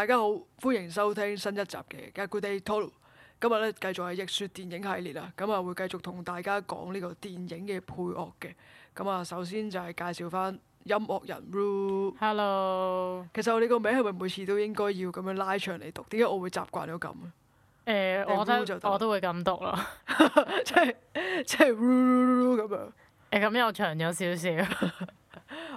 大家好，歡迎收聽新一集嘅 Good Day Talk 今日咧繼續係逆說電影系列啦，咁啊會繼續同大家講呢個電影嘅配樂嘅。咁啊，首先就係介紹翻音樂人 RUE Hello，其實你個名係咪每次都應該要咁樣拉長嚟讀？點解我會習慣咗咁咧？誒、欸，我都、欸、我都會咁讀咯，即係即係 RUE 咁樣。誒，咁又長咗少少。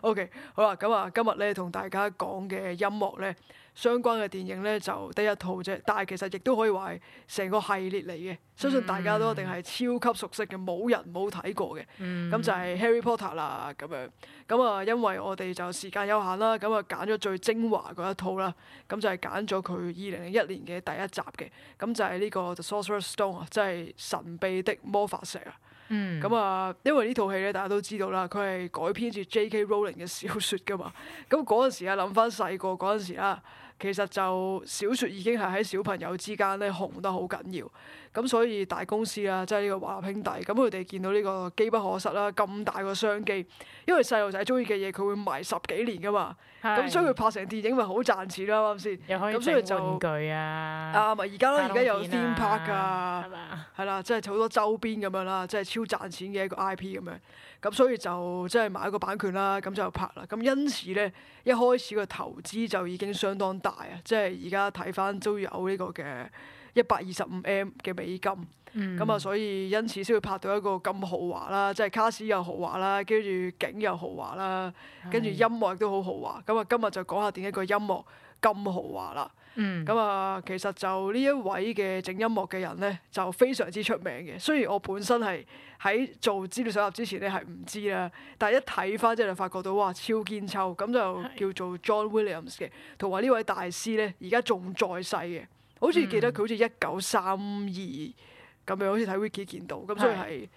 OK，好啦，咁啊今日咧同大家講嘅音樂咧。相關嘅電影呢，就第一套啫，但係其實亦都可以話係成個系列嚟嘅，mm hmm. 相信大家都一定係超級熟悉嘅，冇人冇睇過嘅。咁、mm hmm. 就係 Harry Potter 啦咁樣。咁啊，因為我哋就時間有限啦，咁啊揀咗最精華嗰一套啦。咁就係揀咗佢二零零一年嘅第一集嘅。咁就係呢個 The Sorcerer's Stone 啊，真係神秘的魔法石啊。嗯，咁啊，因為呢套戲咧，大家都知道啦，佢係改編自 J.K. Rowling 嘅小説㗎嘛，咁嗰陣時啊，諗翻細個嗰陣時啦。其實就小説已經係喺小朋友之間咧紅得好緊要，咁所以大公司啦，即係呢個華納兄弟，咁佢哋見到呢個機不可失啦，咁大個商機，因為細路仔中意嘅嘢佢會賣十幾年噶嘛，咁是所以佢拍成電影咪好賺錢囉，啱唔啱先？咁所以就玩具啊，啊咪而家咯，而家有先、啊、拍㗎、啊，係嘛？係啦，即係好多周邊咁樣啦，即係超賺錢嘅一個 IP 咁樣。咁所以就即係買一個版權啦，咁就拍啦。咁因此咧，一開始個投資就已經相當大啊！即係而家睇翻都有呢個嘅一百二十五 M 嘅美金。咁啊、嗯，所以因此先會拍到一個咁豪華啦，即係卡士又豪華啦，跟住景又豪華啦，跟住音樂亦都好豪華。咁啊的，今日就講下點解個音樂咁豪華啦。嗯，咁啊，其實就呢一位嘅整音樂嘅人咧，就非常之出名嘅。雖然我本身係喺做資料搜集之前咧係唔知啦，但係一睇翻即係就發覺到哇超堅秋，咁就叫做 John Williams 嘅。同埋呢位大師咧，而家仲在世嘅，好似記得佢好似一九三二咁樣，好似睇 Wiki 見到，咁所以係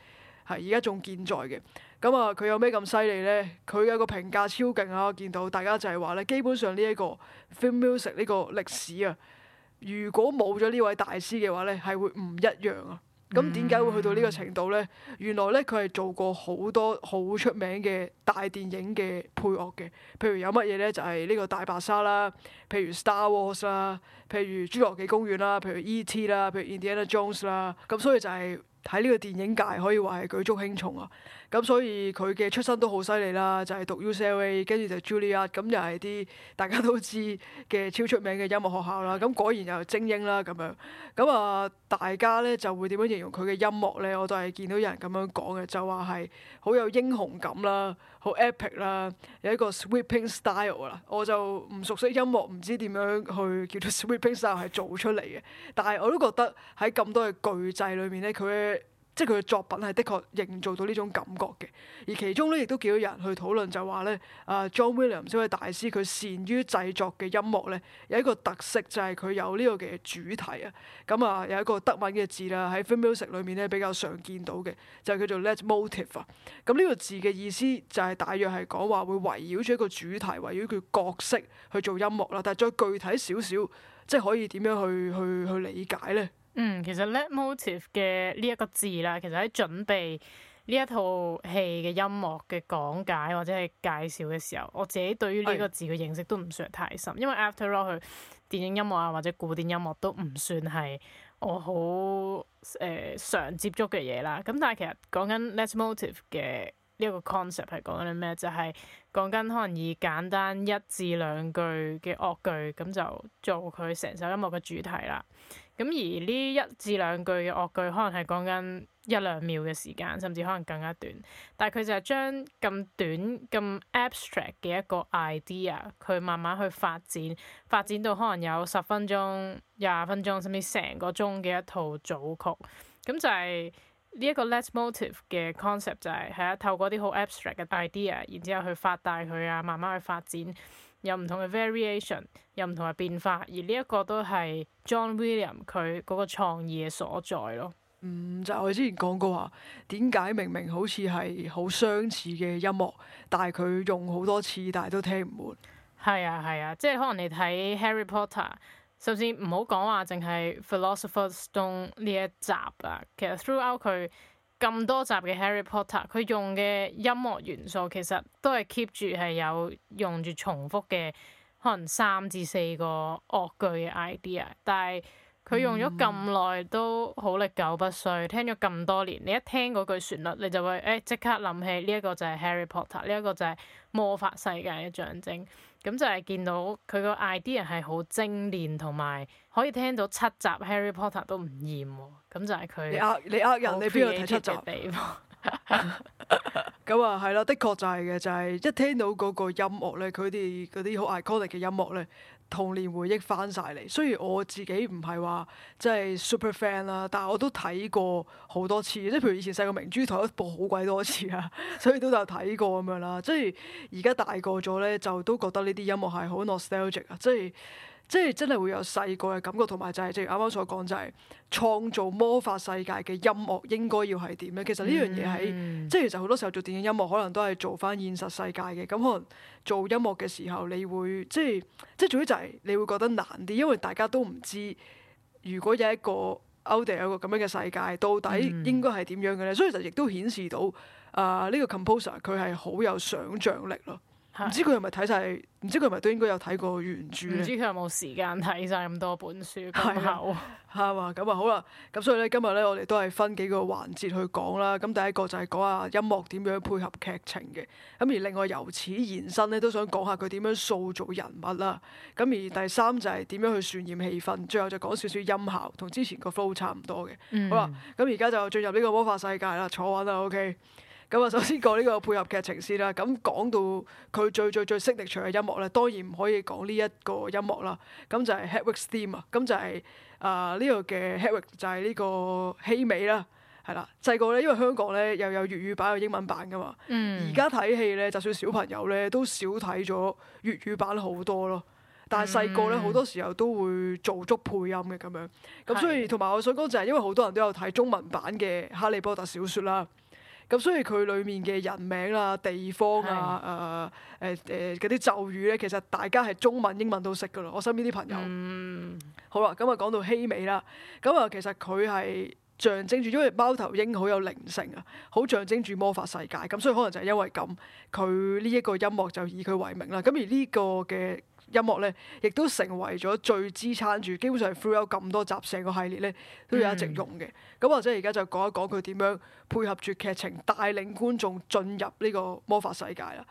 係而家仲健在嘅。咁啊，佢有咩咁犀利呢？佢嘅一個評價超勁啊！我見到大家就係話咧，基本上呢一個 film music 呢個歷史啊，如果冇咗呢位大師嘅話咧，係會唔一樣啊！咁點解會去到呢個程度呢？原來咧佢係做過好多好出名嘅大電影嘅配樂嘅，譬如有乜嘢呢？就係、是、呢個大白鯊啦，譬如 Star Wars 啦，譬如侏羅紀公園啦，譬如 E.T. 啦，譬如 Indiana Jones 啦，咁所以就係喺呢個電影界可以話係舉足輕重啊！咁所以佢嘅出身都好犀利啦，就係讀 UCLA，跟住就茱莉亞，咁又係啲大家都知嘅超出名嘅音樂學校啦。咁果然又精英啦咁樣，咁啊，大家咧就會點樣形容佢嘅音樂咧？我都係見到有人咁樣講嘅，就話係好有英雄感啦，好 epic 啦，有一個 sweeping style 啦。我就唔熟悉音樂，唔知點樣去叫做 sweeping style 係做出嚟嘅。但係我都覺得喺咁多嘅巨製裏面咧，佢。即係佢嘅作品係的確營造到呢種感覺嘅，而其中咧亦都幾多人去討論就話咧，啊，John Williams 呢位大師佢擅於製作嘅音樂咧有一個特色就係、是、佢有呢個嘅主題啊，咁、嗯、啊、嗯、有一個德文嘅字啦喺 film music 裏面咧比較常見到嘅就係、是、叫做 leitmotif 啊，咁、嗯、呢、這個字嘅意思就係大約係講話會圍繞住一個主題，圍繞佢角色去做音樂啦。但係再具體少少，即係可以點樣去去去理解咧？嗯，其實 Let motive 嘅呢一個字啦，其實喺準備呢一套戲嘅音樂嘅講解或者係介紹嘅時候，我自己對於呢個字嘅認識都唔算太深，因為 after all 佢電影音樂啊或者古典音樂都唔算係我好誒常接觸嘅嘢啦。咁但係其實講緊 let motive 嘅呢一個 concept 係講緊咩？就係講緊可能以簡單一至兩句嘅樂句咁就做佢成首音樂嘅主題啦。咁而呢一至兩句嘅樂句，可能係講緊一兩秒嘅時間，甚至可能更加短。但係佢就係將咁短咁 abstract 嘅一個 idea，佢慢慢去發展，發展到可能有十分鐘、廿分鐘，甚至成個鐘嘅一套組曲。咁就係呢一個 leitmotif 嘅 concept，就係係啊透過啲好 abstract 嘅 idea，然之後去發大佢啊，慢慢去發展。有唔同嘅 variation，有唔同嘅變化，而呢一個都係 John Williams 佢嗰個創意嘅所在咯。嗯，就係我之前講過話，點解明明好似係好相似嘅音樂，但係佢用好多次，但係都聽唔悶？係啊，係啊，即係可能你睇 Harry Potter，甚至唔好講話，淨係 Philosopher’s Stone 呢一集啊，其實 throughout 佢。咁多集嘅《Harry Potter》，佢用嘅音樂元素其實都係 keep 住係有用住重複嘅可能三至四個樂句嘅 idea，但係。佢、嗯、用咗咁耐都好歷久不衰，聽咗咁多年，你一聽嗰句旋律，你就會誒即、哎、刻諗起呢一、這個就係《Harry Potter》，呢一個就係魔法世界嘅象徵。咁、嗯、就係見到佢個 idea 係好精煉，同埋可以聽到七集《Harry Potter》都唔厭喎。咁就係佢。你呃你呃人，你邊度睇七集？咁 啊， 係啦，的確就係、是、嘅，就係一聽到嗰個音樂咧，佢哋嗰啲好 iconic 嘅音樂咧。童年回憶翻晒嚟，雖然我自己唔係話即係 super fan 啦，但係我都睇過好多次，即係譬如以前細個明珠台一播好鬼多次啊， 所以都有睇過咁樣啦。即係而家大個咗呢，就都覺得呢啲音樂係好 nostalgic 啊，即係。即係真係會有細個嘅感覺，同埋就係即係啱啱所講，就係創造魔法世界嘅音樂應該要係點咧？其實呢樣嘢喺即係，其實好多時候做電影音樂可能都係做翻現實世界嘅。咁可能做音樂嘅時候，你會即係即係，總之就係你會覺得難啲，因為大家都唔知如果有一個歐迪有一個咁樣嘅世界，到底應該係點樣嘅咧？嗯、所以其實亦都顯示到啊，呢、呃呢個 composer 佢係好有想像力咯。唔知佢係咪睇晒，唔知佢係咪都應該有睇過原著？唔知佢有冇時間睇晒咁多本書咁厚？ 係啊，咁啊好啦，咁所以咧今日咧我哋都係分幾個環節去講啦。咁第一個就係講下音樂點樣配合劇情嘅。咁而另外由此延伸咧，都想講下佢點樣塑造人物啦。咁而第三就係點樣去渲染氣氛，最後就講少少音效，同之前個 flow 差唔多嘅。嗯、好啦，咁而家就進入呢個魔法世界啦，坐穩啦，OK。咁啊，首先講呢個配合劇情先啦。咁講到佢最最最適力場嘅音樂咧，當然唔可以講呢一個音樂啦。咁就係 Hedwig's Theme 啊，咁、呃呢個、就係啊呢個嘅 Hedwig 就係呢個希美啦，係啦。細個咧，因為香港咧又有粵語版有英文版噶嘛。嗯。而家睇戲咧，就算小朋友咧都少睇咗粵語版好多咯。但係細個咧，好、嗯、多時候都會做足配音嘅咁樣。咁所以同埋的我想講就係因為好多人都有睇中文版嘅《哈利波特》小説啦。咁所以佢裏面嘅人名啊、地方啊、誒的、誒、呃、誒嗰啲咒語咧，其實大家係中文、英文都識噶啦。我身邊啲朋友。嗯、好啦，咁啊講到希美啦，咁啊其實佢係象徵住，因為貓頭鷹好有靈性啊，好象徵住魔法世界。咁所以可能就係因為咁，佢呢一個音樂就以佢為名啦。咁而呢個嘅音樂咧，亦都成為咗最支撐住，基本上係 full 咁多集成個系列咧都有一直用嘅。咁、嗯、或者而家就講一講佢點樣配合住劇情，帶領觀眾進入呢個魔法世界啦。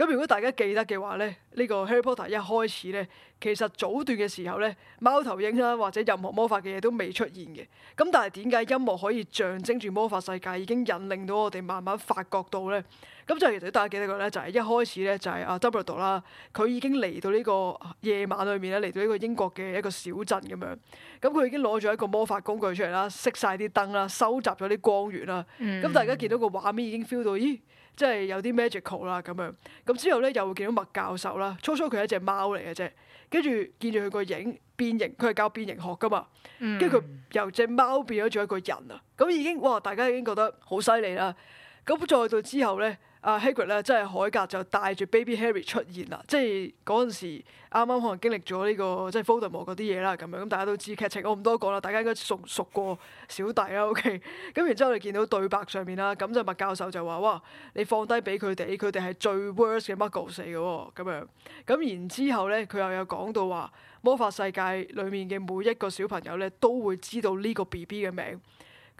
咁如果大家記得嘅話咧，呢、這個《Harry Potter》一開始咧，其實早段嘅時候咧，貓頭鷹啦或者任何魔法嘅嘢都未出現嘅。咁但係點解音樂可以象徵住魔法世界已經引領到我哋慢慢發覺到咧？咁就其實大家記得個咧，就係、是、一開始咧就係阿 Dumbledore 啦，佢已經嚟到呢個夜晚裏面咧，嚟到呢個英國嘅一個小鎮咁樣。咁佢已經攞咗一個魔法工具出嚟啦，熄晒啲燈啦，收集咗啲光源啦。咁、嗯、大家見到個畫面已經 feel 到，咦？即係有啲 magical 啦咁樣，咁之後咧又會見到麥教授啦。初初佢係一隻貓嚟嘅啫，跟住見住佢個影變形，佢係教變形學㗎嘛。跟住佢由隻貓變咗做一個人啊！咁已經哇，大家已經覺得好犀利啦。咁再到之後咧。啊 Harry 咧，uh, Hagrid, 即係海格就帶住 Baby Harry 出現啦，即係嗰陣時啱啱可能經歷咗呢、呢個即係《伏地魔》嗰啲嘢啦，咁樣咁大家都知劇情，我唔多講啦，大家應該熟熟過小弟啦，OK？咁 然之後我哋見到對白上面啦，咁就麥教授就話：哇，你放低俾佢哋，佢哋係最 worst 嘅 Muggle 死嘅喎，哦，咁樣。咁然之後咧，佢又有講到話魔法世界裡面嘅每一個小朋友咧，都會知道呢個 BB 嘅名。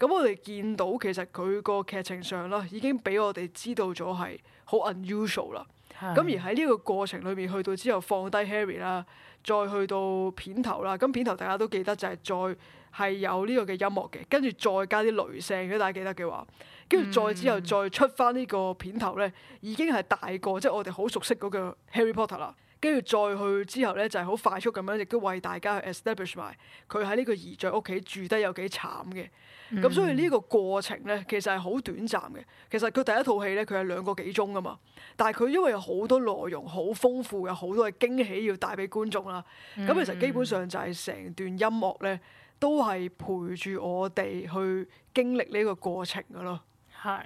咁我哋見到其實佢個劇情上啦，已經俾我哋知道咗係好 unusual 啦。咁的而喺呢個過程裏面，去到之後放低 Harry 啦，再去到片頭啦。咁片頭大家都記得就係再係有呢個嘅音樂嘅，跟住再加啲雷聲，如果大家記得嘅話，跟住再之後再出翻呢個片頭咧，已經係大個，即係我哋好熟悉嗰個 Harry Potter 啦。跟住再去之後咧，就係好快速咁樣亦都為大家去 establish 埋佢喺呢個姨丈屋企住得有幾慘嘅。咁、嗯、所以呢個過程咧，其實係好短暫嘅。其實佢第一套戲咧，佢係兩個幾鐘噶嘛。但係佢因為有好多內容，好豐富，有好多嘅驚喜要帶俾觀眾啦。咁、嗯、其實基本上就係成段音樂咧，都係陪住我哋去經歷呢個過程噶咯。係。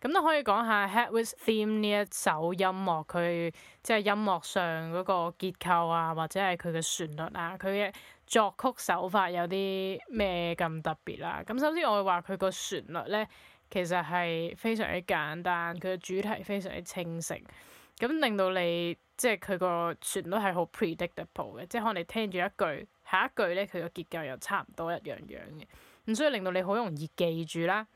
咁都可以講下《Hedwig's Theme》呢一首音樂，佢即係音樂上嗰個結構啊，或者係佢嘅旋律啊，佢嘅。作曲手法有啲咩咁特別啦？咁、嗯嗯、首先我會話佢個旋律咧，其實係非常之簡單，佢嘅主題非常之清晰，咁令到你即係佢個旋律係好 predictable 嘅，即係可能你聽住一句，下一句咧佢個結構又差唔多一樣樣嘅，咁所以令到你好容易記住啦。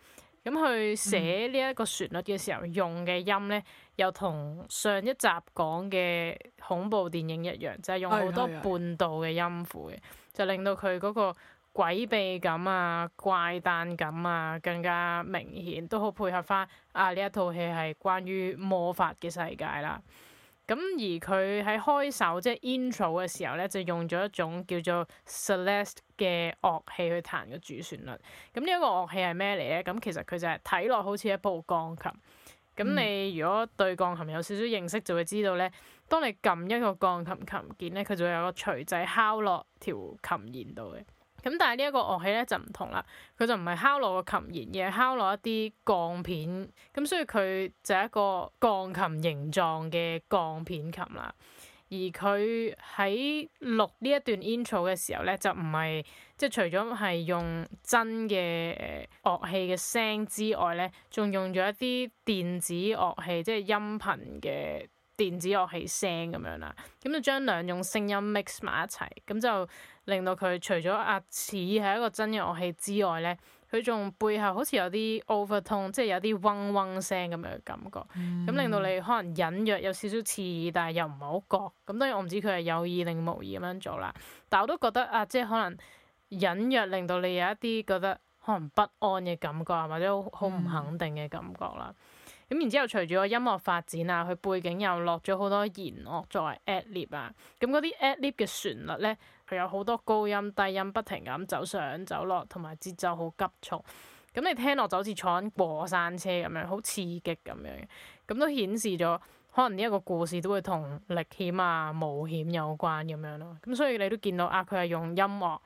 咁佢寫呢一個旋律嘅時候用嘅音咧，嗯、又同上一集講嘅恐怖電影一樣，就係、是、用好多半度嘅音符嘅。嗯嗯嗯就令到佢嗰個詭秘感啊、怪誕感啊更加明顯，都好配合翻啊呢一套戲係關於魔法嘅世界啦。咁而佢喺開首，即係 intro 嘅時候呢，就用咗一種叫做 celeste 嘅樂器去彈嘅主旋律。咁呢一個樂器係咩嚟呢？咁其實佢就係睇落好似一部鋼琴。咁你如果對鋼琴有少少認識，就會知道呢。嗯嗯當你撳一個鋼琴琴鍵咧，佢就會有個錘仔敲落條琴弦度嘅。咁但係呢一個樂器咧就唔同啦，佢就唔係敲落個琴弦，而係敲落一啲鋼片。咁所以佢就係一個鋼琴形狀嘅鋼片琴啦。而佢喺錄呢一段 intro 嘅時候咧，就唔係即係除咗係用真嘅樂器嘅聲之外咧，仲用咗一啲電子樂器，即係音頻嘅。電子樂器聲咁樣啦，咁就將兩種聲音 mix 埋一齊，咁就令到佢除咗阿似係一個真嘅樂器之外咧，佢仲背後好似有啲 overtone，即係有啲嗡嗡聲咁樣嘅感覺，咁、嗯、令到你可能隱約有少少刺耳，但係又唔係好覺。咁當然我唔知佢係有意定無意咁樣做啦，但我都覺得啊，即係可能隱約令到你有一啲覺得可能不安嘅感覺，或者好唔肯定嘅感覺啦。嗯咁然之後，隨住個音樂發展啊，佢背景又落咗好多弦樂作為 ad-lib 啊，咁嗰啲 ad-lib 嘅旋律咧，佢有好多高音低音不停咁走上走落，同埋節奏好急促。咁你聽落就好似坐緊過山車咁樣，好刺激咁樣嘅。咁都顯示咗，可能呢一個故事都會同歷險啊、冒險有關咁樣咯。咁所以你都見到啊，佢係用音樂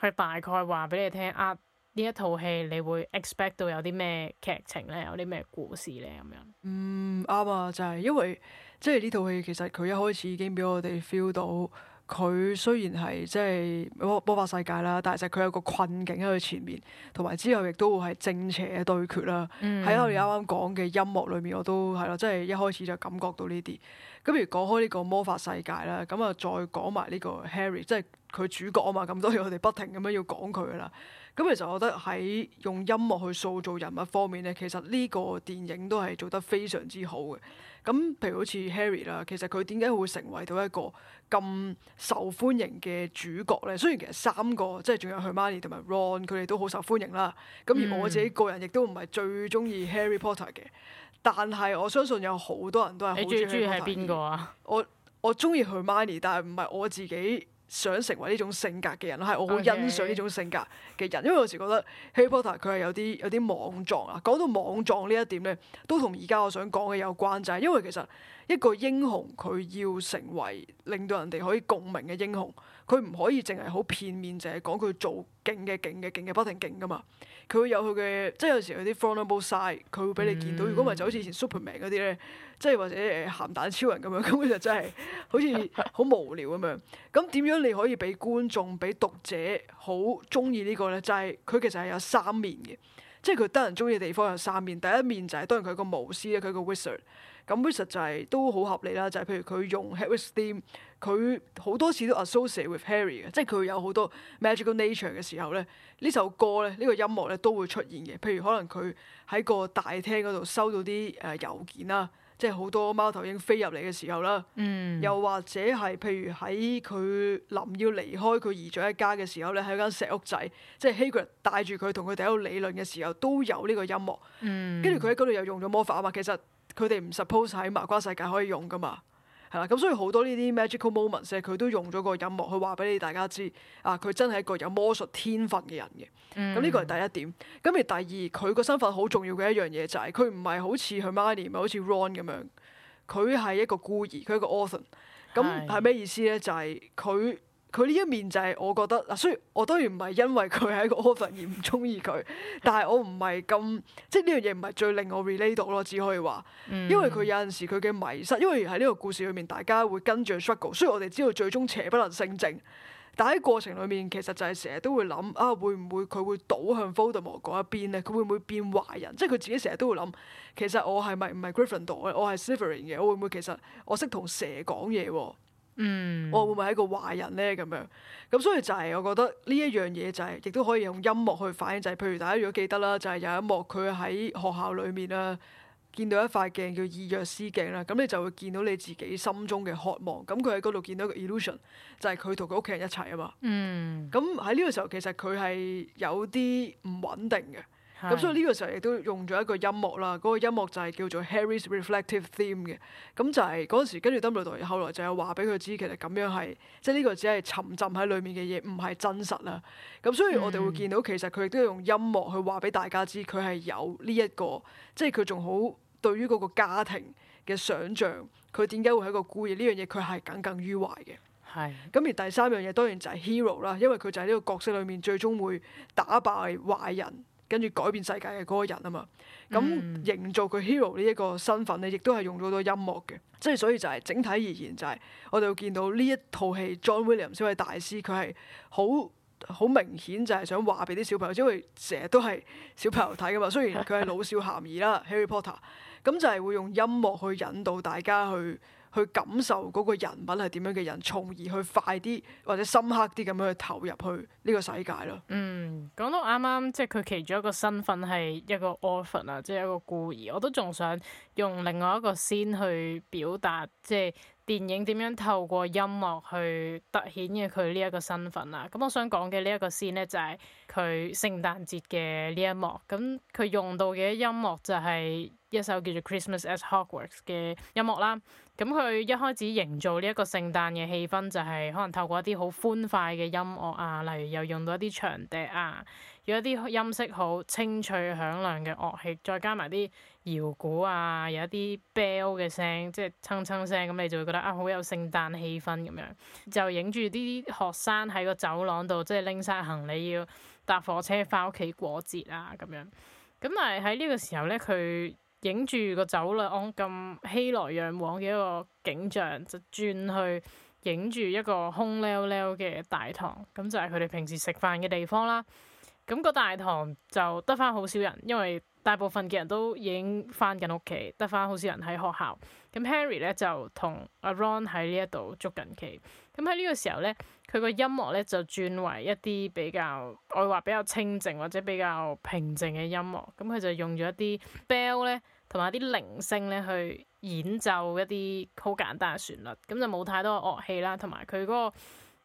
去大概話俾你聽啊。呢一套戲你會 expect 到有啲咩劇情咧，有啲咩故事咧咁樣？嗯，啱啊，就係因為即係呢套戲其實佢一開始已經俾我哋 feel 到，佢雖然係即係魔法世界啦，但係就佢有個困境喺佢前面，同埋之後亦都係正邪嘅對決啦。喺我哋啱啱講嘅音樂裏面，我都係咯，即係一開始就感覺到呢啲。咁譬如講開呢個魔法世界啦，咁啊再講埋呢個 Harry，即係佢主角啊嘛，咁所以我哋不停咁樣要講佢啦。咁其實我覺得喺用音樂去塑造人物方面咧，其實呢個電影都係做得非常之好嘅。咁譬如好似 Harry 啦，其實佢點解會成為到一個咁受歡迎嘅主角咧？雖然其實三個即係仲有 Hermione 同埋 Ron 佢哋都好受歡迎啦。咁而我自己個人亦都唔係最中意 Harry、嗯、Harry Potter 嘅。但係我相信有好多人都係好中意 Harry Potter，你最中意係邊個啊？我我中意佢 Hermione，但係唔係我自己想成為呢種性格嘅人，係我好欣賞呢種性格嘅人。Okay. 因為有時覺得 Harry Potter 佢係有啲有啲莽撞啊。講到莽撞呢一點咧，都同而家我想講嘅有關，就係因為其實一個英雄佢要成為令到人哋可以共鳴嘅英雄。佢唔可以淨係好片面，淨係講佢做勁嘅、勁嘅、勁嘅，不停勁㗎嘛。佢會有佢嘅，即係有時有啲 vulnerable side，佢會俾你見到。嗯、如果唔係就好似以前 Superman 嗰啲咧，即係或者、呃、鹹蛋超人咁樣，根本就真係好似好無聊咁樣。咁點 樣你可以俾觀眾、俾讀者好中意呢個咧？就係、是、佢其實係有三面嘅，即係佢得人中意嘅地方有三面。第一面就係、是、當然佢個巫師咧，佢個 wizard。咁 wizard 就係、是、都好合理啦，就係、是、譬如佢用佢好多次都 associate with Harry 嘅，即係佢有好多 magical nature 嘅時候咧，呢首歌咧，呢、呢個音樂咧都會出現嘅。譬如可能佢喺個大廳嗰度收到啲誒郵件啦，即係好多貓頭鷹飛入嚟嘅時候啦。嗯、又或者係譬如喺佢臨要離開佢姨丈一家嘅時候咧，喺間石屋仔，即係 Hagrid 帶住佢同佢哋喺度理論嘅時候，都有呢個音樂。跟住佢喺嗰度又用咗魔法啊嘛，其實佢哋唔 suppose 喺麻瓜世界可以用噶嘛。係啦，咁所以好多呢啲 magical moments，其實佢都用咗個音樂去話俾你大家知，啊佢真係一個有魔術天分嘅人嘅。咁呢個係第一點。咁而第二，佢個身份好重要嘅一樣嘢就係佢唔係好似佢 Manny 唔係好似 Ron 咁樣，佢係一個孤兒，佢一個 orphan。咁係咩意思呢？就係佢。佢呢一面就係我覺得嗱，雖然我當然唔係因為佢一個 offer 而唔中意佢，但係我唔係咁即係呢樣嘢唔係最令我 relate 到咯，只可以話，因為佢有陣時佢嘅迷失，因為喺呢個故事裏面，大家會跟著 s h u g g l e，所以我哋知道最終邪不能勝正，但喺過程裏面其實就係成日都會諗啊，會唔會佢會倒向 Fodor 嗰一邊咧？佢會唔會變壞人？即係佢自己成日都會諗，其實我係咪唔係 g r i f f i n d，我係 s l y t e r i n 嘅？我會唔會其實我識同蛇講嘢喎？嗯，我、哦、會唔會係一個壞人咧？咁樣，咁所以就係我覺得呢一樣嘢就係、是，亦都可以用音樂去反映。就係、是，譬如大家如果記得啦，就係、是、有一幕佢喺學校裏面啦，見到一塊鏡叫意欲思鏡啦，咁你就會見到你自己心中嘅渴望。咁佢喺嗰度見到個 illusion，就係佢同佢屋企人一齊啊嘛。嗯，咁喺呢個時候其實佢係有啲唔穩定嘅。咁所以呢個時候亦都用咗一個音樂啦。嗰、那個音樂就係叫做 Harry's Reflective Theme 嘅。咁就係嗰陣時跟住 Dumbledore，後來就有話俾佢知，其實咁樣係即係呢個只係沉浸喺裡面嘅嘢，唔係真實啦。咁所以我哋會見到其實佢亦都用音樂去話俾大家知、這個，佢係有呢一個即係佢仲好對於嗰個家庭嘅想像，佢點解會係一個孤兒呢樣嘢，佢、這、係、個、耿耿於懷嘅。係咁、mm. 而第三樣嘢當然就係 hero 啦，因為佢就喺呢個角色裡面最終會打敗壞人。跟住改變世界嘅嗰個人啊嘛，咁營、嗯、造佢 hero 呢一個身份咧，亦都係用咗好多音樂嘅，即係所以就係整體而言就係、是、我哋會見到呢一套戲 John Williams 呢位大師，佢係好好明顯就係想話俾啲小朋友，因佢成日都係小朋友睇噶嘛，雖然佢係老少咸宜啦 Harry Potter，咁就係會用音樂去引導大家去。去感受嗰個人物係點樣嘅人，從而去快啲或者深刻啲咁樣去投入去呢個世界咯。嗯，講到啱啱即係佢其中一個身份係一個 orphan 啊，即係一個孤兒，我都仲想用另外一個 scene 去表達，即係電影點樣透過音樂去突顯嘅佢呢一個身份啊。咁我想講嘅呢一個 scene 咧，就係佢聖誕節嘅呢一幕。咁佢用到嘅音樂就係。一首叫做《Christmas at Hogwarts》嘅音樂啦，咁佢一開始營造呢一個聖誕嘅氣氛，就係，就係可能透過一啲好歡快嘅音樂啊，例如又用到一啲長笛啊，有一啲音色好清脆響亮嘅樂器，再加埋啲搖鼓啊，有一啲 bell 嘅聲，即係蹭蹭聲，咁你就會覺得啊，好有聖誕氣氛咁樣，就影住啲學生喺個走廊度，即係拎晒行李要搭火車翻屋企過節啊咁樣，咁但係喺呢個時候咧，佢。影住個走廊咁熙來攘往嘅一個景象，就轉去影住一個空溜溜嘅大堂，咁就係佢哋平時食飯嘅地方啦。咁個大堂就得翻好少人，因為大部分嘅人都已經翻緊屋企，得翻好少人喺學校。咁 Harry 咧就同阿 Ron 喺呢一度捉緊棋。咁喺呢個時候咧。佢個音樂咧就轉為一啲比較，我話比較清靜或者比較平靜嘅音樂，咁佢就用咗一啲 bell 咧，同埋啲鈴聲咧去演奏一啲好簡單嘅旋律，咁就冇太多樂器啦，同埋佢嗰個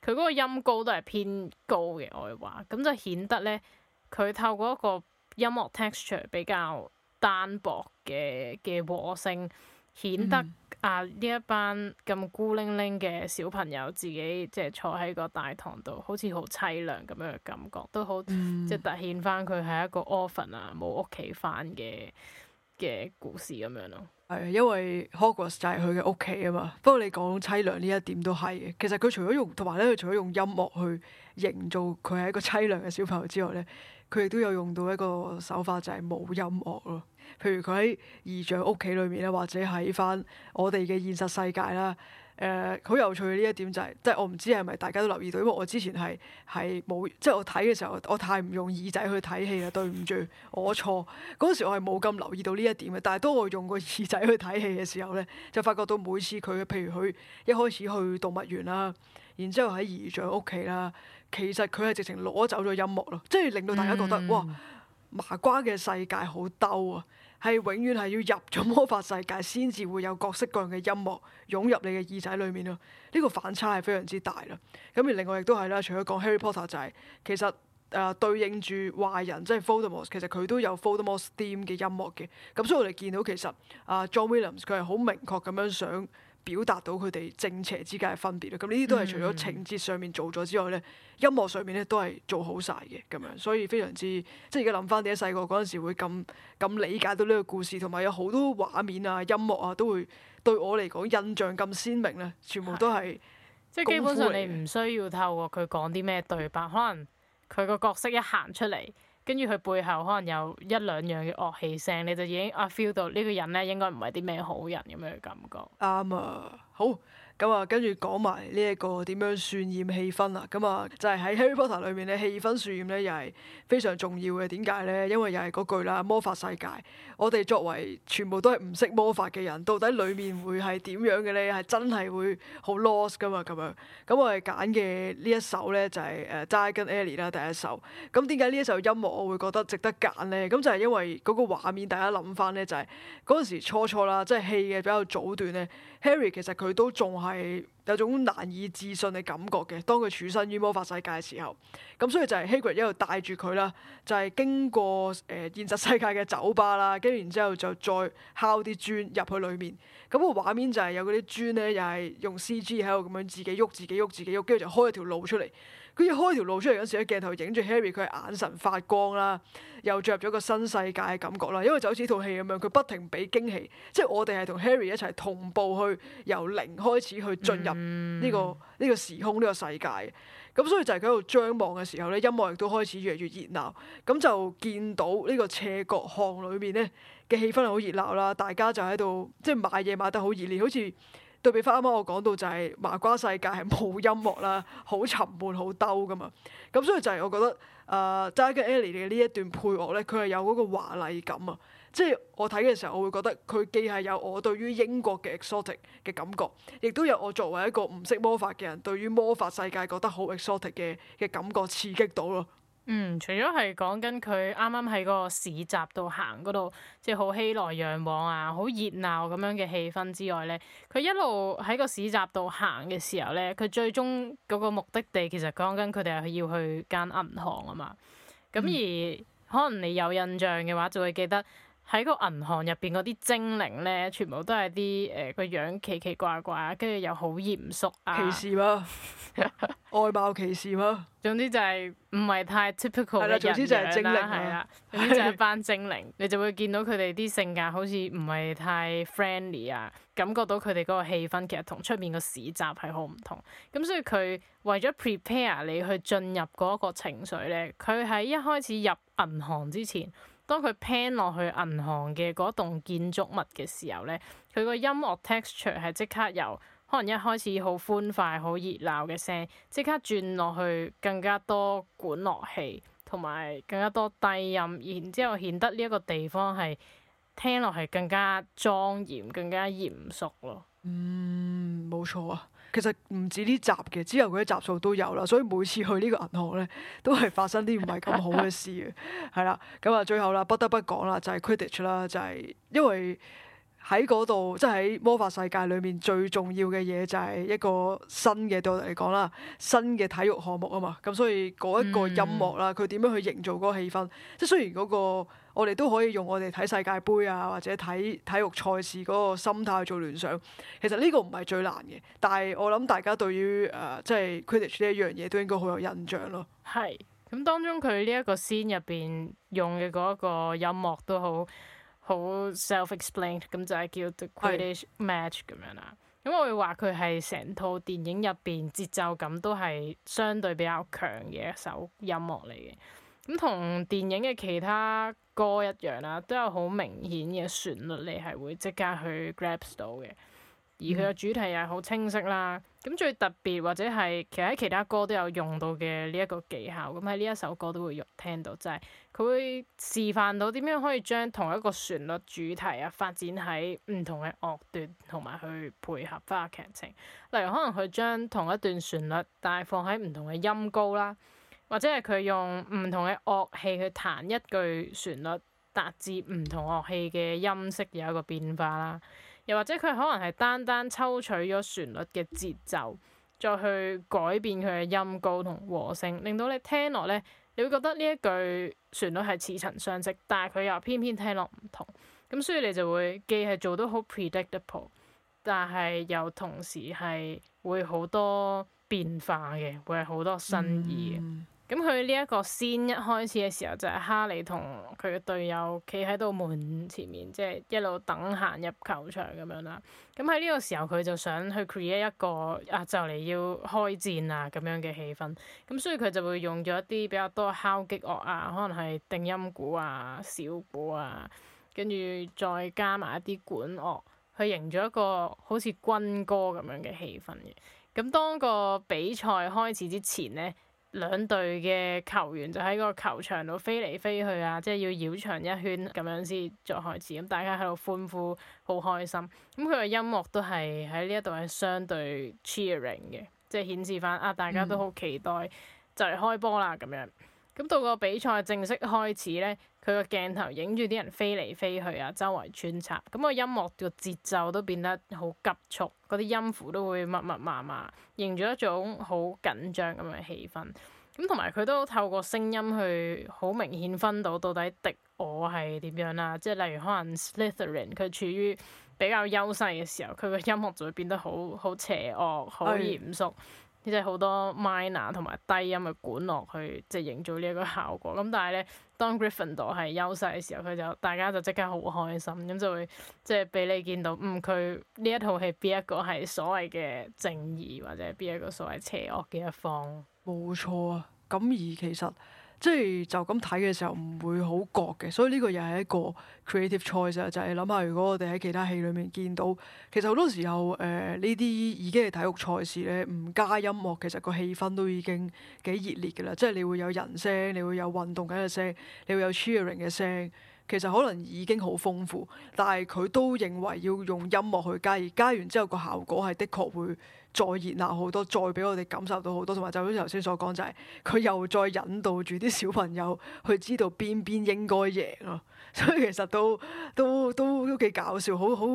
佢嗰個音高都係偏高嘅，我話，咁就顯得咧佢透過一個音樂 texture 比較單薄嘅嘅和聲，顯得、嗯。啊！呢一班咁孤零零嘅小朋友自己即係坐喺個大堂度，好似好凄涼咁樣嘅感覺，都好、嗯、即係凸顯翻佢係一個 orphan 啊、er，冇屋企翻嘅嘅故事咁樣咯。係啊，因為 Hogwarts 就係佢嘅屋企啊嘛。不過你講凄涼呢一點都係嘅。其實佢除咗用同埋咧，佢除咗用音樂去營造佢係一個凄涼嘅小朋友之外咧，佢亦都有用到一個手法就係冇音樂咯。譬如佢喺姨丈屋企裏面啦，或者喺返我哋嘅現實世界啦，誒、呃、好有趣嘅呢一點就係、是，即係我唔知係咪大家都留意到，因為我之前係係冇，即係我睇嘅時候，我太唔用耳仔去睇戲啦，對唔住，我錯。嗰陣時我係冇咁留意到呢一點嘅，但係當我用個耳仔去睇戲嘅時候咧，就發覺到每次佢譬如佢一開始去動物園啦，然之後喺姨丈屋企啦，其實佢係直情攞走咗音樂咯，即係令到大家覺得哇！嗯麻瓜嘅世界好兜啊，係永遠係要入咗魔法世界先至會有各式各樣嘅音樂湧入你嘅耳仔裏面咯。呢、這個反差係非常之大啦。咁而另外亦都係啦，除咗講 Harry Potter 就係、是、其實誒、呃、對應住壞人即係 Voldemort 其實佢都有 Voldemort theme 嘅音樂嘅。咁所以我哋見到其實啊、呃、，John Williams 佢係好明確咁樣想。表達到佢哋正邪之間嘅分別咯，咁呢啲都係除咗情節上面做咗之外咧，嗯、音樂上面咧都係做好晒嘅咁樣，所以非常之即係而家諗翻啲細個嗰陣時會咁咁理解到呢個故事，同埋有好多畫面啊、音樂啊都會對我嚟講印象咁鮮明咧，全部都係即係基本上你唔需要透過佢講啲咩對白，可能佢個角色一行出嚟。跟住佢背後可能有一兩樣嘅樂器聲，你就已經啊 feel 到呢個人咧應該唔係啲咩好人咁樣嘅感覺。啱啊，好。咁啊，跟住講埋呢一個點樣渲染氣氛啦。咁啊，就係喺《Harry Potter》裏面咧，氣氛渲染咧又係非常重要嘅。點解咧？因為又係嗰句啦，魔法世界。我哋作為全部都係唔識魔法嘅人，到底裡面會係點樣嘅咧？係真係會好 lost 噶嘛？咁樣。咁我哋揀嘅呢一首咧就係誒《Diagon Alley》啦，第一首。咁點解呢一首音樂我會覺得值得揀咧？咁就係因為嗰個畫面，大家諗翻咧就係嗰陣時初初啦，即係戲嘅比較早段咧。Harry 其實佢都仲係有種難以置信嘅感覺嘅，當佢處身於魔法世界嘅時候，咁所以就係 Hagrid 一路帶住佢啦，就係、是、經過誒現實世界嘅酒吧啦，跟住然之後就再敲啲磚入去裏面，咁、那個畫面就係有嗰啲磚咧，又係用 CG 喺度咁樣自己喐、自己喐、自己喐，跟住就開咗條路出嚟。佢一開條路出嚟嗰時咧，鏡頭影住 Harry 佢眼神發光啦，又進入咗個新世界嘅感覺啦。因為就好似套戲咁樣，佢不停俾驚喜，即係我哋係同 Harry 一齊同步去由零開始去進入呢個呢個時空呢個世界。咁，嗯，所以就係佢喺度張望嘅時候咧，音樂亦都開始越嚟越熱鬧，咁就見到呢個斜角巷裏面咧嘅氣氛好熱鬧啦，大家就喺度即係買嘢買得好熱烈，好似～對比翻啱啱我講到就係麻瓜世界係冇音樂啦，好沉悶，好兜㗎嘛。咁所以就係我覺得，誒、呃、Diagon Alley 嘅呢一段配樂咧，佢係有嗰個華麗感啊！即係我睇嘅時候，我會覺得佢既係有我對於英國嘅 exotic 嘅感覺，亦都有我作為一個唔識魔法嘅人，對於魔法世界覺得好 exotic 嘅嘅感覺刺激到咯。嗯，除咗係講緊佢啱啱喺個市集度行嗰度，即係好熙來攘往啊，好熱鬧咁樣嘅氣氛之外咧，佢一路喺個市集度行嘅時候咧，佢最終嗰個目的地其實講緊佢哋係要去間銀行啊嘛，咁而可能你有印象嘅話，就會記得。喺個銀行入邊嗰啲精靈咧，全部都係啲誒個樣奇奇怪怪，怪怪，跟住又好嚴肅啊！歧視咯， 外貌歧視咯。總之就係唔係太 typical 係啦。總之就係精靈係啦，呢隻班精靈，你就會見到佢哋啲性格好似唔係太 friendly 啊，感覺到佢哋嗰個氣氛其實同出面個市集係好唔同。咁所以佢為咗 prepare 你去進入嗰個情緒咧，佢喺一開始入銀行之前。當佢 pan 落去銀行嘅嗰棟建築物嘅時候咧，佢個音樂 texture 係即刻由可能一開始好歡快、好熱鬧嘅聲，即刻轉落去更加多管樂器同埋更加多低音，然之後顯得呢一個地方係聽落係更加莊嚴、更加嚴肅咯。嗯，冇錯啊。其實唔止呢集嘅，之後嗰啲集數都有啦，所以每次去呢個銀行咧，都係發生啲唔係咁好嘅事嘅，係啦。 咁啊，最後啦，不得不講啦，就係 Quidditch 啦，就係因為喺嗰度，即係喺魔法世界裏面最重要嘅嘢就係一個新嘅對我嚟講啦，新嘅體育項目啊嘛。咁所以嗰一個音樂啦，佢點樣去營造嗰個氣氛，即係、嗯、雖然嗰、那個。我哋都可以用我哋睇世界盃啊，或者睇體育賽事嗰個心態做聯想。其實呢個唔係最難嘅，但係我諗大家對於誒即係 cricket 呢一樣嘢都應該好有印象咯。係咁，當中佢呢一個 scene 入邊用嘅嗰一個音樂都好好 self-explained，咁就係叫 The Cricket Match 咁是樣啦。咁我會話，佢係成套電影入邊節奏感都係相對比較強嘅一首音樂嚟嘅。咁同電影嘅其他歌一樣啦，都有好明顯嘅旋律，你係會即刻去 grab 到嘅。而佢嘅主題係好清晰啦。咁最特別或者係其實喺其他歌都有用到嘅呢一個技巧，咁喺呢一首歌都會用聽到，就係佢會示範到點樣可以將同一個旋律主題啊發展喺唔同嘅樂段，同埋去配合返劇情。例如可能佢將同一段旋律，但係放喺唔同嘅音高啦。或者係佢用唔同嘅樂器去彈一句旋律，達至唔同樂器嘅音色有一個變化啦。又或者佢可能係單單抽取咗旋律嘅節奏，再去改變佢嘅音高同和聲，令到你聽落呢，你會覺得呢一句旋律係似曾相識，但係佢又偏偏聽落唔同。咁所以你就會既係做到好 predictable，但係又同時係會好多變化嘅，會係好多新意。嗯。.咁佢呢一個 scene 一開始嘅時候，就係、是、哈利同佢嘅隊友企喺度門前面，即係一路等行入球場咁樣啦。咁喺呢個時候，佢就想去 create 一個啊，就嚟要開戰啊咁樣嘅氣氛。咁所以佢就會用咗一啲比較多敲擊樂啊，可能係定音鼓啊、小鼓啊，跟住再加埋一啲管樂，去營造一個好似軍歌咁樣嘅氣氛嘅。咁當個比賽開始之前咧。兩隊嘅球員就喺個球場度飛嚟飛去啊，即係要繞場一圈咁樣先再開始。咁大家喺度歡呼，好開心。咁佢嘅音樂都係喺呢一度係相對 cheering 嘅，即係顯示翻啊，大家都好期待、嗯、就嚟開波啦咁樣。咁到個比賽正式開始咧。佢個鏡頭影住啲人飛嚟飛去啊，周圍穿插咁，個音樂個節奏都變得好急促，嗰啲音符都會密密麻麻，形成一種好緊張咁嘅氣氛。咁同埋佢都透過聲音去好明顯分到到底敵我係點樣啦。即係例如可能 Slytherin 佢處於比較優勢嘅時候，佢個音樂就會變得好好邪惡、好嚴肅。嗯即係好多 minor 同埋低音嘅管落去，即係營造呢一個效果。咁但係咧，當 Gryffindor 係優勢嘅時候，佢就大家就即刻好開心。咁就會即係俾你見到，嗯，佢呢一套係邊一個係所謂嘅正義，或者係邊一個所謂邪惡嘅一方。冇錯啊！咁而其實。即係就咁睇嘅時候唔會好覺嘅，所以呢個又係一個 creative choice 啊！就係諗下，如果我哋喺其他戲裡面見到，其實好多時候誒呢啲已經係體育賽事咧，唔加音樂，其實個氣氛都已經幾熱烈㗎啦。即係你會有人聲，你會有運動緊嘅聲，你會有 cheering 嘅聲，聲，其實可能已經好豐富。但係佢都認為要用音樂去加，而加完之後個效果係的確會。再熱鬧好多，再俾我哋感受到好多，同埋就好似頭先所講，就係佢又再引導住啲小朋友去知道邊邊應該贏咯。所以其實都都都都幾搞笑，好好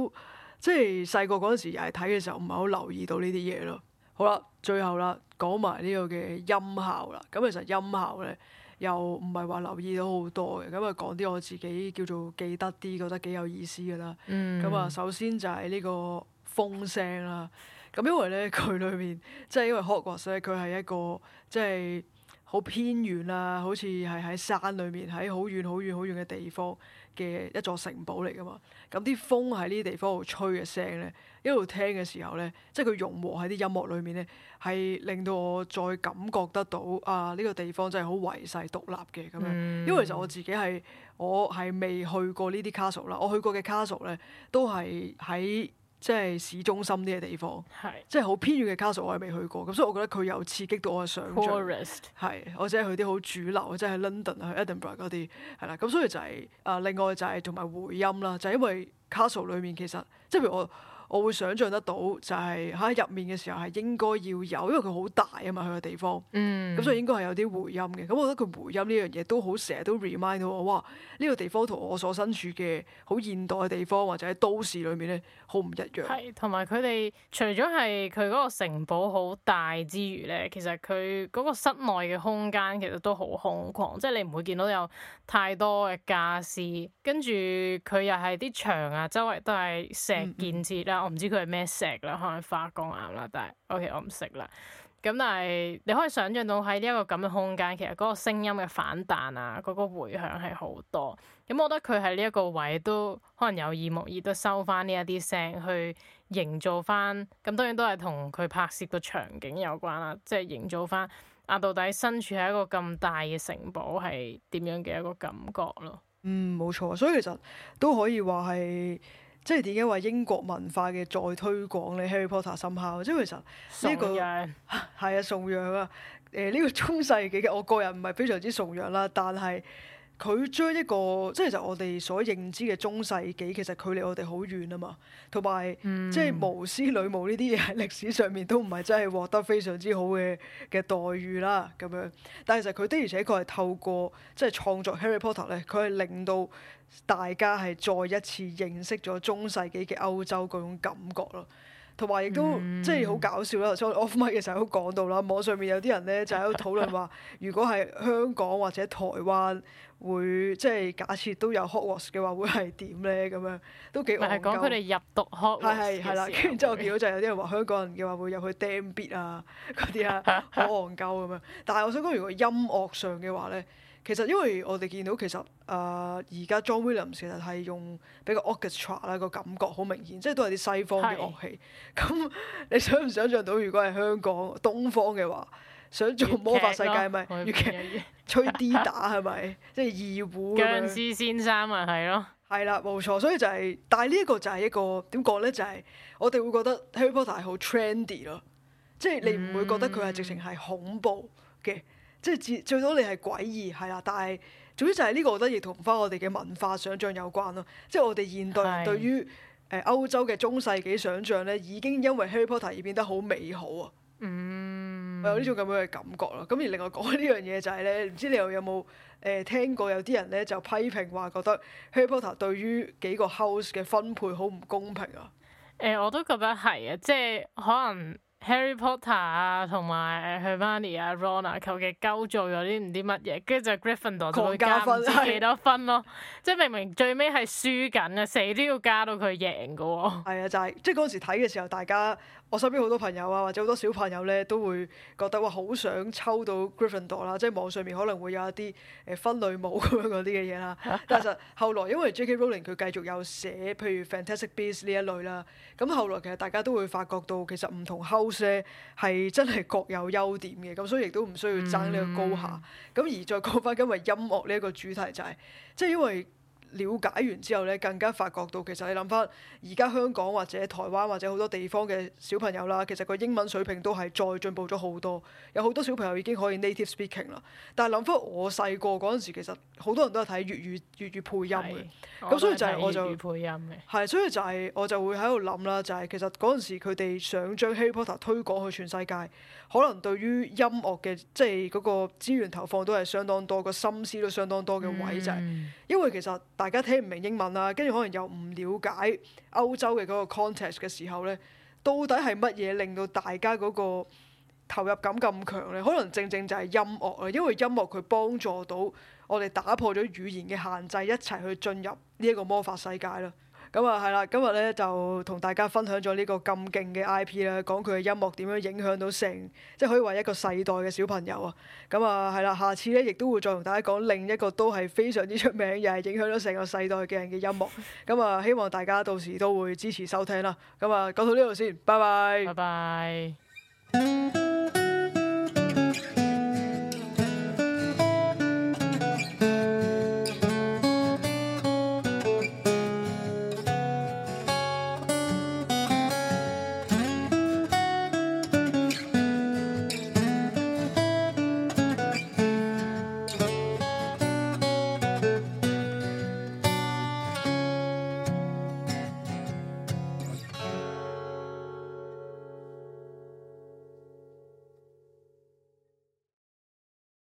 即係細個嗰陣時又係睇嘅時候，唔係好留意到呢啲嘢咯。好啦，最後啦，講埋呢個嘅音效啦。咁其實音效咧又唔係話留意到好多嘅，咁啊講啲我自己叫做記得啲，覺得幾有意思㗎啦。咁啊、嗯，首先就係呢個風聲啦。咁因為咧佢裏面即係因為 Hogwarts，佢係一個即係好偏遠啦，好似係喺山裏面，喺好遠好遠好遠嘅地方嘅一座城堡嚟噶嘛。咁啲風喺呢啲地方度吹嘅聲咧，一路聽嘅時候咧，即係佢融和喺啲音樂裏面咧，係令到我再感覺得到啊呢個地方真係好遺世獨立嘅咁樣。嗯、因為其實我自己係我係未去過呢啲 castle 啦，我去過嘅 castle 咧都係喺，即係市中心啲嘅地方，是即係好偏遠嘅 castle 我係未去過，咁所以我覺得佢有刺激到我嘅想像。係 Forest.，我只係去啲好主流，即係 London 啊、Edinburgh 嗰啲，係啦。咁所以就係、是、啊、呃，另外就係同埋回音啦，就係、因為 castle 裏面其實即係譬如我。我會想象得到，就係喺入面嘅時候係應該要有，因為佢好大啊嘛，佢個地方。嗯。咁所以應該係有啲回音嘅。咁我覺得佢回音呢樣嘢都好成日都 remind 到我，哇！呢個地方同我所身處嘅好現代嘅地方或者喺都市裏面咧，好唔一樣。係，同埋佢哋除咗係佢嗰個城堡好大之餘咧，其實佢嗰個室內嘅空間其實都好空曠，即係你唔會見到有太多嘅傢俬，跟住佢又係啲牆啊，周圍都係石建設啦。嗯。我唔知佢係咩石啦，可能花崗岩啦，但係 O.K. 我唔識啦。咁但係你可以想象到喺呢一個咁嘅空間，其實嗰個聲音嘅反彈啊，嗰個回響係好多。咁我覺得佢喺呢一個位都可能有意無意都收翻呢一啲聲去營造翻。咁當然都係同佢拍攝個場景有關啦，即係營造翻啊，到底身處喺一個咁大嘅城堡係點樣嘅一個感覺咯。嗯，冇錯，所以其實都可以話係。即係點解話英國文化嘅再推廣咧？Harry Potter 深效，即係其實呢、這個係洋啊，啊，崇洋啊，誒、呃、呢、這個中世紀嚟嘅。我個人唔係非常之崇洋啦、啊，但係。佢將一個即係就我哋所認知嘅中世紀，其實距離我哋好遠啊嘛，同埋、嗯、即係巫師女巫呢啲嘢喺歷史上面都唔係真係獲得非常之好嘅嘅待遇啦咁樣。但係其實佢的而且確係透過即係創作《Harry Potter》咧，佢係令到大家係再一次認識咗中世紀嘅歐洲嗰種感覺咯。同埋亦都即係好搞笑啦，所以 Off mic 嘅時候都講到啦，網上面有啲人咧就喺度討論話， 如果係香港或者台灣會即係假設都有 Hogwarts 嘅話，會係點咧咁樣，都幾戇鳩。係講佢哋入讀 Hogwarts 係係係啦，跟住之後我見到，就有啲人話香港人嘅話會入去 Damn Beat 啊嗰啲啊，好戇鳩咁樣。但係我想講，如果音樂上嘅話咧。其實因為我哋見到其實誒而家 John Williams 其實係用比較 orchestra 啦，個感覺好明顯，即係都係啲西方嘅樂器。咁的、嗯、你想唔想象到如果係香港東方嘅話，想做魔法世界咪粵劇吹 d 劇打 d 係咪？即係二胡。僵屍 先生咪係咯，係啦冇錯，所以就係、是，但係呢一個就係一個點講咧？就係、是、我哋會覺得 Harry Potter 係好 trendy 咯，即係你唔會覺得佢係直情係恐怖嘅。嗯。即係至最多你係詭異係啦，但係總之就係呢個，我覺得亦同翻我哋嘅文化想像有關咯。即係我哋現代人對於誒歐洲嘅中世紀想像咧，的已經因為 Harry Potter 而變得好美好啊！嗯，有呢種咁樣嘅感覺咯。咁而另外講呢樣嘢就係、是、咧，唔知你又有冇誒、呃、聽過有啲人咧就批評話覺得 Harry Potter 對於幾個 house 嘅分配好唔公平啊？誒、欸，我都覺得係啊，即係可能。Harry Potter 啊，同埋 Hermione 啊、Ron 啊，求其交咗嗰啲唔知乜嘢，跟住就 Gryffindor 就會加唔知幾多分咯。即係明明最尾係輸緊啊，死 都要加到佢贏噶。係啊，就係即係陣時睇嘅時候，大家我身邊好多朋友啊，或者好多小朋友咧，都會覺得哇，好想抽到 Gryffindor 啦。即係網上面可能會有一啲誒分類帽咁樣嗰啲嘅嘢啦。但係其實後來因為 J.K. Rowling 佢繼續有寫，譬如 Fantastic Beasts 呢一類啦。咁後來其實大家都會發覺到，其實唔同係真係各有優點嘅，咁所以亦都唔需要爭呢個高下。咁、mm hmm. 而再講翻今日音樂呢個主題就係、是、即係因為。了解完之後咧，更加發覺到其實你諗翻而家香港或者台灣或者好多地方嘅小朋友啦，其實個英文水平都係再進步咗好多。有好多小朋友已經可以 native speaking 啦。但係諗翻我細個嗰陣時，其實好多人都係睇粵語粵語配音嘅。咁是所以就係、係、我，我就粵語配音嘅。係，所以就係、係、我就會喺度諗啦，就係、係、其實嗰陣時佢哋想將 Harry Potter 推廣去全世界，可能對於音樂嘅即係嗰個資源投放都係相當多，個心思都相當多嘅位就係、係，嗯、因為其實。大家聽唔明英文啊，跟住可能又唔了解歐洲嘅嗰個 context 嘅時候咧，到底係乜嘢令到大家嗰個投入感咁強咧？可能正正就係音樂啦，因為音樂佢幫助到我哋打破咗語言嘅限制，一齊去進入呢一個魔法世界啦。咁啊，係啦， 今日咧就同大家分享咗呢個咁勁嘅 IP 啦，講佢嘅音樂點樣影響到成，即係可以話一個世代嘅小朋友啊。咁啊，係啦，下次咧亦都會再同大家講另一個都係非常之出名，又係影響咗成個世代嘅人嘅音樂。咁啊，希望大家到時都會支持收聽啦。咁啊，講到呢度先，拜拜。拜拜。